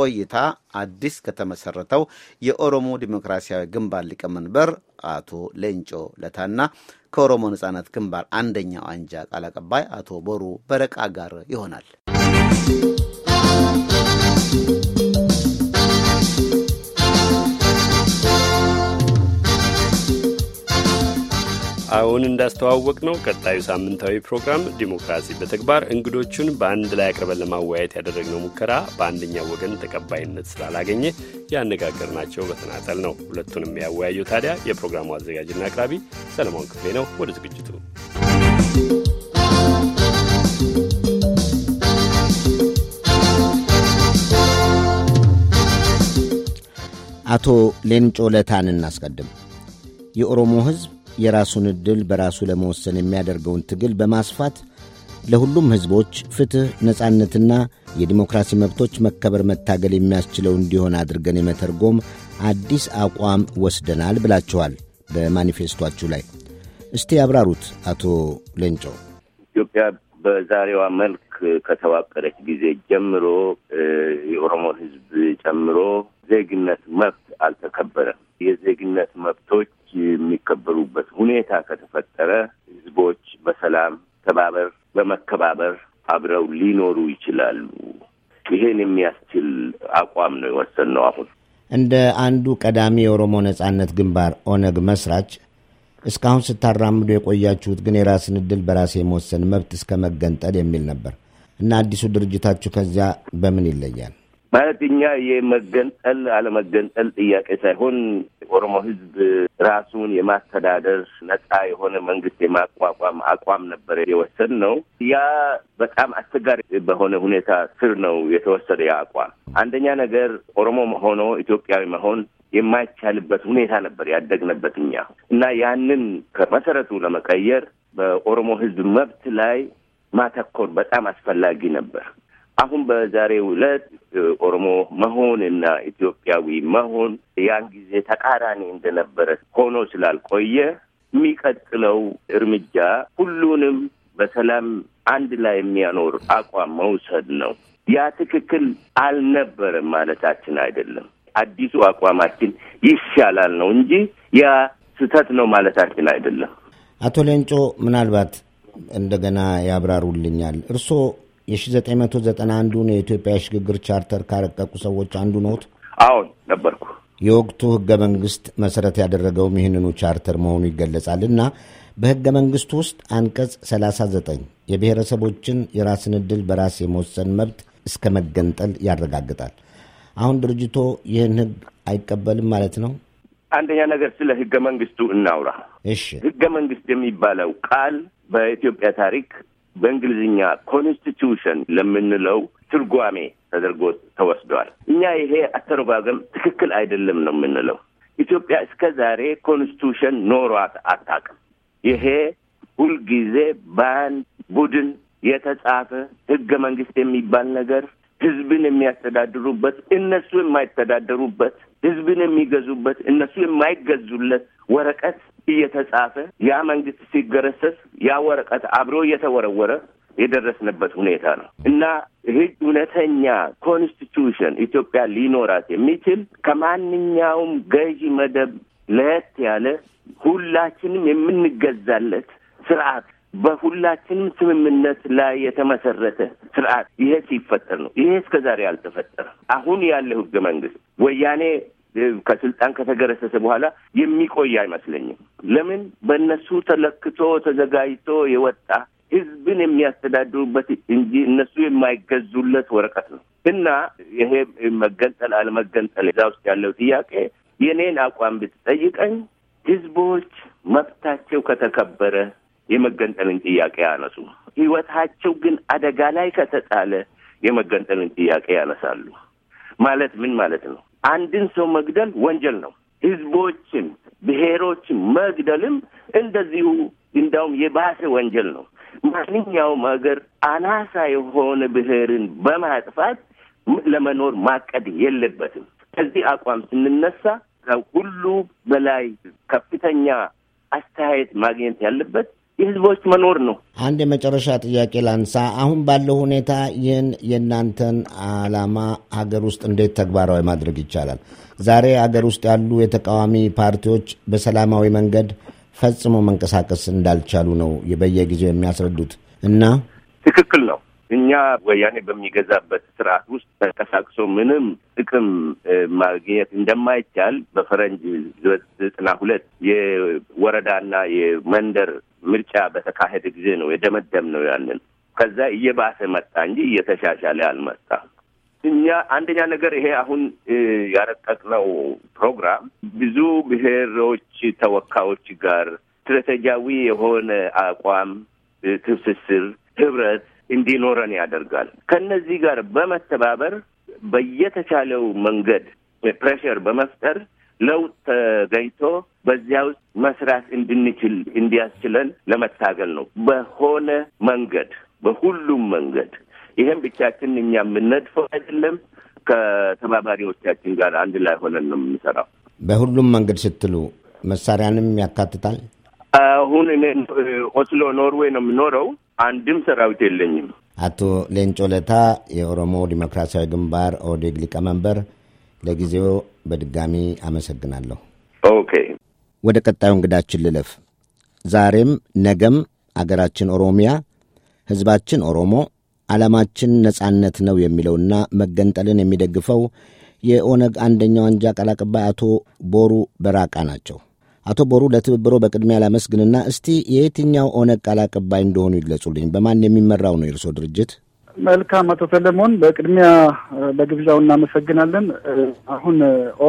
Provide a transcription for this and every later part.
ቆይታ አዲስ ከተመሰረተው የኦሮሞ ዴሞክራሲያዊ ግንባር ሊቀመንበር አቶ ሌንጮ ለታና ከኦሮሞ ነጻነት ግንባር አንደኛው አንጃ ቃል አቀባይ አቶ ቦሩ በረቃ ጋር ይሆናል። አሁን እንዳስተዋወቅ ነው ቀጣዩ ሳምንታዊ ፕሮግራም ዲሞክራሲ በተግባር እንግዶቹን በአንድ ላይ አቅርበን ለማወያየት ያደረግነው ሙከራ በአንደኛው ወገን ተቀባይነት ስላላገኘ ያነጋገርናቸው በተናጠል ነው። ሁለቱንም ያወያየው ታዲያ የፕሮግራሙ አዘጋጅና አቅራቢ ሰለሞን ክፍሌ ነው። ወደ ዝግጅቱ አቶ ሌንጮ ለታን እናስቀድም። የኦሮሞ ሕዝብ የራሱን ዕድል በራሱ ለመወሰን የሚያደርገውን ትግል በማስፋት ለሁሉም ሕዝቦች ፍትሕ፣ ነጻነትና የዲሞክራሲ መብቶች መከበር መታገል የሚያስችለው እንዲሆን አድርገን የመተርጎም አዲስ አቋም ወስደናል ብላችኋል በማኒፌስቷችሁ ላይ። እስቲ ያብራሩት አቶ ሌንጮው። ኢትዮጵያ በዛሬዋ መልክ ከተዋቀረች ጊዜ ጀምሮ የኦሮሞ ሕዝብ ጨምሮ ዜግነት መብት አልተከበረም። የዜግነት መብቶች የሚከበሩበት ሁኔታ ከተፈጠረ ህዝቦች በሰላም ተባበር በመከባበር አብረው ሊኖሩ ይችላሉ። ይሄን የሚያስችል አቋም ነው የወሰንነው። አሁን እንደ አንዱ ቀዳሚ የኦሮሞ ነጻነት ግንባር ኦነግ መስራች እስካሁን ስታራምዱ የቆያችሁት ግን የራስን እድል በራስ የመወሰን መብት እስከ መገንጠል የሚል ነበር እና አዲሱ ድርጅታችሁ ከዚያ በምን ይለያል? ማለት እኛ የመገንጠል አለመገንጠል ጥያቄ ሳይሆን የኦሮሞ ህዝብ ራሱን የማስተዳደር ነጻ የሆነ መንግስት የማቋቋም አቋም ነበር የወሰድ ነው። ያ በጣም አስቸጋሪ በሆነ ሁኔታ ስር ነው የተወሰደ ያ አቋም። አንደኛ ነገር ኦሮሞ ሆኖ ኢትዮጵያዊ መሆን የማይቻልበት ሁኔታ ነበር ያደግንበት እኛ እና ያንን ከመሰረቱ ለመቀየር በኦሮሞ ህዝብ መብት ላይ ማተኮር በጣም አስፈላጊ ነበር። አሁን በዛሬው ዕለት ኦሮሞ መሆን እና ኢትዮጵያዊ መሆን ያን ጊዜ ተቃራኒ እንደነበረ ሆኖ ስላልቆየ የሚቀጥለው እርምጃ ሁሉንም በሰላም አንድ ላይ የሚያኖር አቋም መውሰድ ነው። ያ ትክክል አልነበረም ማለታችን አይደለም። አዲሱ አቋማችን ይሻላል ነው እንጂ ያ ስህተት ነው ማለታችን አይደለም። አቶ ሌንጮ ምናልባት እንደገና ያብራሩልኛል። እርስዎ የ1991ን የኢትዮጵያ የሽግግር ቻርተር ካረቀቁ ሰዎች አንዱ ነዎት? አዎን ነበርኩ። የወቅቱ ህገ መንግስት መሰረት ያደረገውም ይህንኑ ቻርተር መሆኑ ይገለጻል እና በህገ መንግስት ውስጥ አንቀጽ 39 የብሔረሰቦችን የራስን ዕድል በራስ የመወሰን መብት እስከ መገንጠል ያረጋግጣል። አሁን ድርጅቶ ይህን ህግ አይቀበልም ማለት ነው? አንደኛ ነገር ስለ ህገ መንግስቱ እናውራ። እሺ፣ ህገ መንግስት የሚባለው ቃል በኢትዮጵያ ታሪክ በእንግሊዝኛ ኮንስቲቱሽን ለምንለው ትርጓሜ ተደርጎ ተወስዷል። እኛ ይሄ አተረጓገም ትክክል አይደለም ነው የምንለው። ኢትዮጵያ እስከ ዛሬ ኮንስቲቱሽን ኖሯት አታውቅም። ይሄ ሁልጊዜ በአንድ ቡድን የተጻፈ ህገ መንግስት የሚባል ነገር ህዝብን የሚያስተዳድሩበት እነሱ የማይተዳደሩበት ህዝብን የሚገዙበት እነሱ የማይገዙለት ወረቀት እየተጻፈ ያ መንግስት ሲገረሰስ ያ ወረቀት አብሮ እየተወረወረ የደረስንበት ሁኔታ ነው እና ህግ እውነተኛ ኮንስቲቱሽን ኢትዮጵያ ሊኖራት የሚችል ከማንኛውም ገዢ መደብ ለየት ያለ ሁላችንም የምንገዛለት ስርዓት በሁላችንም ስምምነት ላይ የተመሰረተ ስርዓት ይሄ ሲፈጠር ነው። ይሄ እስከ ዛሬ አልተፈጠረም። አሁን ያለው ህገ መንግስት ወያኔ ከስልጣን ከተገረሰሰ በኋላ የሚቆይ አይመስለኝም። ለምን በእነሱ ተለክቶ ተዘጋጅቶ የወጣ ህዝብን የሚያስተዳድሩበት እንጂ እነሱ የማይገዙለት ወረቀት ነው እና ይሄ መገንጠል አለመገንጠል እዛ ውስጥ ያለው ጥያቄ የኔን አቋም ብትጠይቀኝ ህዝቦች መብታቸው ከተከበረ የመገንጠልን ጥያቄ ያነሱ፣ ህይወታቸው ግን አደጋ ላይ ከተጣለ የመገንጠልን ጥያቄ ያነሳሉ። ማለት ምን ማለት ነው? አንድን ሰው መግደል ወንጀል ነው። ህዝቦችን፣ ብሔሮችን መግደልም እንደዚሁ እንዲያውም የባሰ ወንጀል ነው። ማንኛውም ሀገር አናሳ የሆነ ብሔርን በማጥፋት ለመኖር ማቀድ የለበትም። ከዚህ አቋም ስንነሳ ሁሉ በላይ ከፍተኛ አስተያየት ማግኘት ያለበት የህዝቦች መኖር ነው። አንድ የመጨረሻ ጥያቄ ላንሳ። አሁን ባለው ሁኔታ ይህን የእናንተን ዓላማ ሀገር ውስጥ እንዴት ተግባራዊ ማድረግ ይቻላል? ዛሬ ሀገር ውስጥ ያሉ የተቃዋሚ ፓርቲዎች በሰላማዊ መንገድ ፈጽሞ መንቀሳቀስ እንዳልቻሉ ነው በየጊዜው የሚያስረዱት እና ትክክል ነው። እኛ ወያኔ በሚገዛበት ስርዓት ውስጥ ተንቀሳቅሶ ምንም ጥቅም ማግኘት እንደማይቻል በፈረንጅ ዘጠና ሁለት የወረዳና የመንደር ምርጫ በተካሄደ ጊዜ ነው የደመደም ነው ያንን። ከዛ እየባሰ መጣ እንጂ እየተሻሻለ አልመጣም። እኛ አንደኛ ነገር ይሄ አሁን ያረቀቅነው ፕሮግራም ብዙ ብሔሮች ተወካዮች ጋር ስትራቴጂያዊ የሆነ አቋም፣ ትስስር፣ ህብረት እንዲኖረን ያደርጋል። ከነዚህ ጋር በመተባበር በየተቻለው መንገድ ፕሬሽር በመፍጠር ለውጥ ተገኝቶ በዚያ ውስጥ መስራት እንድንችል እንዲያስችለን ለመታገል ነው። በሆነ መንገድ በሁሉም መንገድ ይህም ብቻችን እኛ የምንነድፈው አይደለም። ከተባባሪዎቻችን ጋር አንድ ላይ ሆነን ነው የምንሰራው። በሁሉም መንገድ ስትሉ መሳሪያንም ያካትታል። አሁን እኔ ኦስሎ ኖርዌይ ነው የምኖረው። አንድም ሰራዊት የለኝም። አቶ ሌንጮ ለታ የኦሮሞ ዲሞክራሲያዊ ግንባር ኦዴግ ሊቀመንበር፣ ለጊዜው በድጋሚ አመሰግናለሁ። ኦኬ፣ ወደ ቀጣዩ እንግዳችን ልለፍ። ዛሬም ነገም አገራችን ኦሮሚያ፣ ሕዝባችን ኦሮሞ፣ ዓላማችን ነጻነት ነው የሚለውና መገንጠልን የሚደግፈው የኦነግ አንደኛው አንጃ ቃል አቀባይ አቶ ቦሩ በራቃ ናቸው። አቶ ቦሩ ለትብብሮ በቅድሚያ ላመስግንና እስቲ የየትኛው ኦነግ ቃል አቀባይ እንደሆኑ ይግለጹልኝ። በማን የሚመራው ነው የእርስዎ ድርጅት? መልካም አቶ ሰለሞን በቅድሚያ በግብዣው እናመሰግናለን። አሁን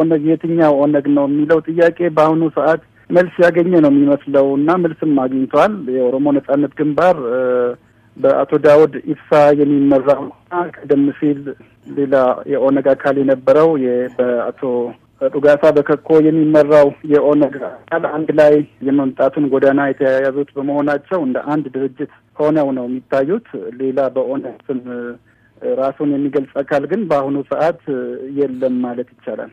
ኦነግ የትኛው ኦነግ ነው የሚለው ጥያቄ በአሁኑ ሰዓት መልስ ያገኘ ነው የሚመስለው እና መልስም አግኝተዋል። የኦሮሞ ነጻነት ግንባር በአቶ ዳውድ ኢብሳ የሚመራውና ቀደም ሲል ሌላ የኦነግ አካል የነበረው በአቶ ዱጋሳ በከኮ የሚመራው የኦነግ አካል አንድ ላይ የመምጣቱን ጎዳና የተያያዙት በመሆናቸው እንደ አንድ ድርጅት ሆነው ነው የሚታዩት። ሌላ በኦነግ ስም ራሱን የሚገልጽ አካል ግን በአሁኑ ሰዓት የለም ማለት ይቻላል።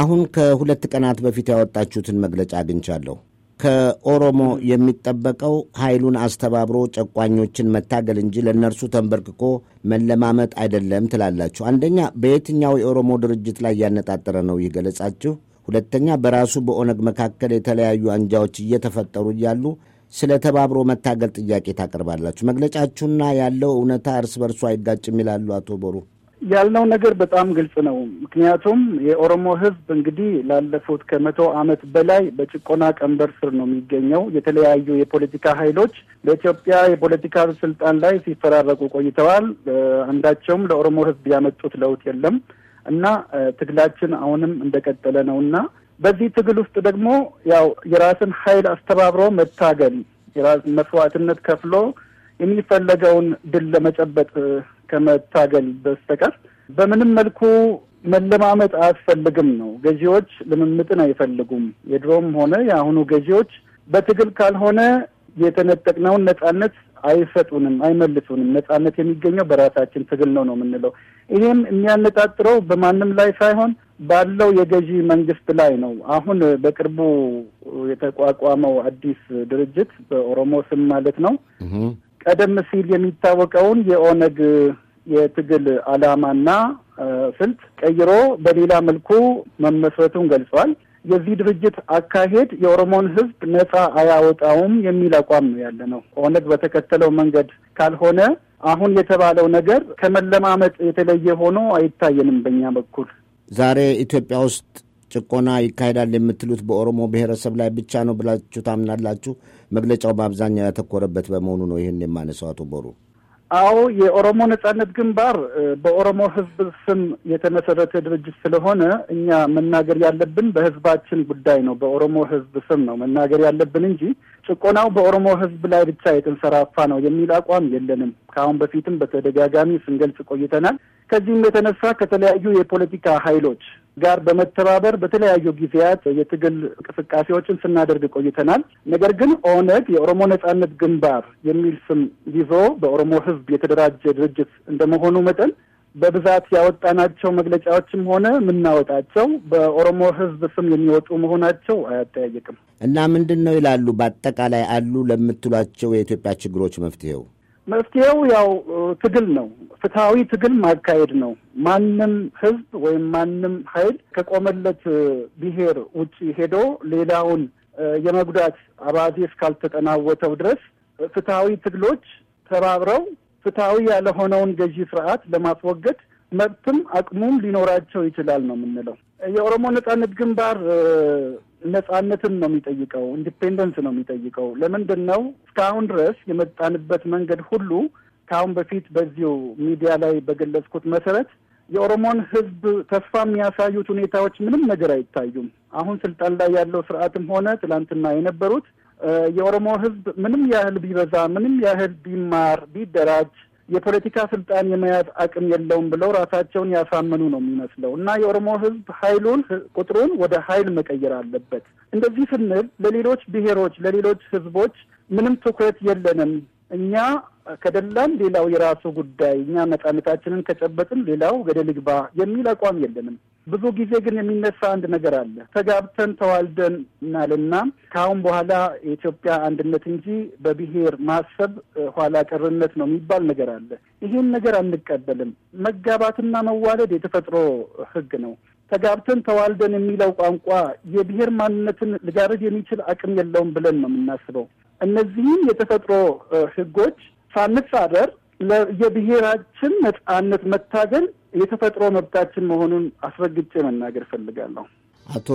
አሁን ከሁለት ቀናት በፊት ያወጣችሁትን መግለጫ አግኝቻለሁ። ከኦሮሞ የሚጠበቀው ኃይሉን አስተባብሮ ጨቋኞችን መታገል እንጂ ለእነርሱ ተንበርክኮ መለማመጥ አይደለም ትላላችሁ። አንደኛ በየትኛው የኦሮሞ ድርጅት ላይ ያነጣጠረ ነው ይህ ገለጻችሁ? ሁለተኛ በራሱ በኦነግ መካከል የተለያዩ አንጃዎች እየተፈጠሩ እያሉ ስለ ተባብሮ መታገል ጥያቄ ታቀርባላችሁ። መግለጫችሁና ያለው እውነታ እርስ በርሱ አይጋጭም ይላሉ አቶ ቦሩ። ያልነው ነገር በጣም ግልጽ ነው። ምክንያቱም የኦሮሞ ህዝብ እንግዲህ ላለፉት ከመቶ ዓመት በላይ በጭቆና ቀንበር ስር ነው የሚገኘው። የተለያዩ የፖለቲካ ኃይሎች በኢትዮጵያ የፖለቲካ ስልጣን ላይ ሲፈራረቁ ቆይተዋል። አንዳቸውም ለኦሮሞ ህዝብ ያመጡት ለውጥ የለም እና ትግላችን አሁንም እንደቀጠለ ነው እና በዚህ ትግል ውስጥ ደግሞ ያው የራስን ኃይል አስተባብሮ መታገል የራስ መስዋዕትነት ከፍሎ የሚፈለገውን ድል ለመጨበጥ ከመታገል በስተቀር በምንም መልኩ መለማመጥ አያስፈልግም ነው። ገዢዎች ልምምጥን አይፈልጉም። የድሮም ሆነ የአሁኑ ገዢዎች በትግል ካልሆነ የተነጠቅነውን ነጻነት አይሰጡንም፣ አይመልሱንም። ነጻነት የሚገኘው በራሳችን ትግል ነው ነው የምንለው። ይሄም የሚያነጣጥረው በማንም ላይ ሳይሆን ባለው የገዢ መንግስት ላይ ነው። አሁን በቅርቡ የተቋቋመው አዲስ ድርጅት በኦሮሞ ስም ማለት ነው ቀደም ሲል የሚታወቀውን የኦነግ የትግል ዓላማና ስልት ቀይሮ በሌላ መልኩ መመስረቱን ገልጿል። የዚህ ድርጅት አካሄድ የኦሮሞን ሕዝብ ነጻ አያወጣውም የሚል አቋም ነው ያለ ነው። ኦነግ በተከተለው መንገድ ካልሆነ አሁን የተባለው ነገር ከመለማመጥ የተለየ ሆኖ አይታየንም። በእኛ በኩል ዛሬ ኢትዮጵያ ውስጥ ጭቆና ይካሄዳል የምትሉት በኦሮሞ ብሔረሰብ ላይ ብቻ ነው ብላችሁ ታምናላችሁ? መግለጫው በአብዛኛው ያተኮረበት በመሆኑ ነው ይህን የማነሳው። አቶ ቦሩ አዎ፣ የኦሮሞ ነጻነት ግንባር በኦሮሞ ህዝብ ስም የተመሰረተ ድርጅት ስለሆነ እኛ መናገር ያለብን በህዝባችን ጉዳይ ነው። በኦሮሞ ህዝብ ስም ነው መናገር ያለብን እንጂ ጭቆናው በኦሮሞ ህዝብ ላይ ብቻ የተንሰራፋ ነው የሚል አቋም የለንም። ከአሁን በፊትም በተደጋጋሚ ስንገልጽ ቆይተናል። ከዚህም የተነሳ ከተለያዩ የፖለቲካ ኃይሎች ጋር በመተባበር በተለያዩ ጊዜያት የትግል እንቅስቃሴዎችን ስናደርግ ቆይተናል። ነገር ግን ኦነግ የኦሮሞ ነጻነት ግንባር የሚል ስም ይዞ በኦሮሞ ሕዝብ የተደራጀ ድርጅት እንደመሆኑ መጠን በብዛት ያወጣናቸው መግለጫዎችም ሆነ የምናወጣቸው በኦሮሞ ሕዝብ ስም የሚወጡ መሆናቸው አያጠያይቅም። እና ምንድን ነው ይላሉ። በአጠቃላይ አሉ ለምትሏቸው የኢትዮጵያ ችግሮች መፍትሄው መፍትሄው ያው ትግል ነው። ፍትሐዊ ትግል ማካሄድ ነው። ማንም ህዝብ ወይም ማንም ኃይል ከቆመለት ብሔር ውጭ ሄዶ ሌላውን የመጉዳት አባዜ እስካልተጠናወተው ድረስ ፍትሐዊ ትግሎች ተባብረው ፍትሐዊ ያልሆነውን ገዢ ስርዓት ለማስወገድ መብትም አቅሙም ሊኖራቸው ይችላል ነው የምንለው። የኦሮሞ ነጻነት ግንባር ነጻነትን ነው የሚጠይቀው፣ ኢንዲፔንደንስ ነው የሚጠይቀው። ለምንድን ነው እስካሁን ድረስ የመጣንበት መንገድ ሁሉ ከአሁን በፊት በዚሁ ሚዲያ ላይ በገለጽኩት መሰረት የኦሮሞን ህዝብ ተስፋ የሚያሳዩት ሁኔታዎች ምንም ነገር አይታዩም። አሁን ስልጣን ላይ ያለው ስርዓትም ሆነ ትላንትና የነበሩት የኦሮሞ ህዝብ ምንም ያህል ቢበዛ፣ ምንም ያህል ቢማር፣ ቢደራጅ የፖለቲካ ስልጣን የመያዝ አቅም የለውም ብለው ራሳቸውን ያሳመኑ ነው የሚመስለው እና የኦሮሞ ህዝብ ሀይሉን ቁጥሩን ወደ ኃይል መቀየር አለበት። እንደዚህ ስንል ለሌሎች ብሔሮች፣ ለሌሎች ህዝቦች ምንም ትኩረት የለንም እኛ ከደላን ሌላው የራሱ ጉዳይ፣ እኛ ነጻነታችንን ከጨበጥን ሌላው ገደል ይግባ የሚል አቋም የለንም። ብዙ ጊዜ ግን የሚነሳ አንድ ነገር አለ። ተጋብተን ተዋልደን እናልና ከአሁን በኋላ የኢትዮጵያ አንድነት እንጂ በብሔር ማሰብ ኋላ ቀርነት ነው የሚባል ነገር አለ። ይህን ነገር አንቀበልም። መጋባትና መዋለድ የተፈጥሮ ሕግ ነው። ተጋብተን ተዋልደን የሚለው ቋንቋ የብሔር ማንነትን ሊጋርድ የሚችል አቅም የለውም ብለን ነው የምናስበው። እነዚህም የተፈጥሮ ህጎች ሳንጻረር የብሔራችን ነጻነት መታገል የተፈጥሮ መብታችን መሆኑን አስረግጬ መናገር እፈልጋለሁ። አቶ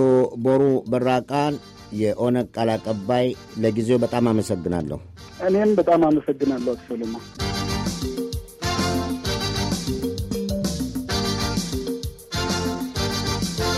ቦሩ በራቃን የኦነግ ቃል አቀባይ፣ ለጊዜው በጣም አመሰግናለሁ። እኔም በጣም አመሰግናለሁ አቶ ሰለሞን።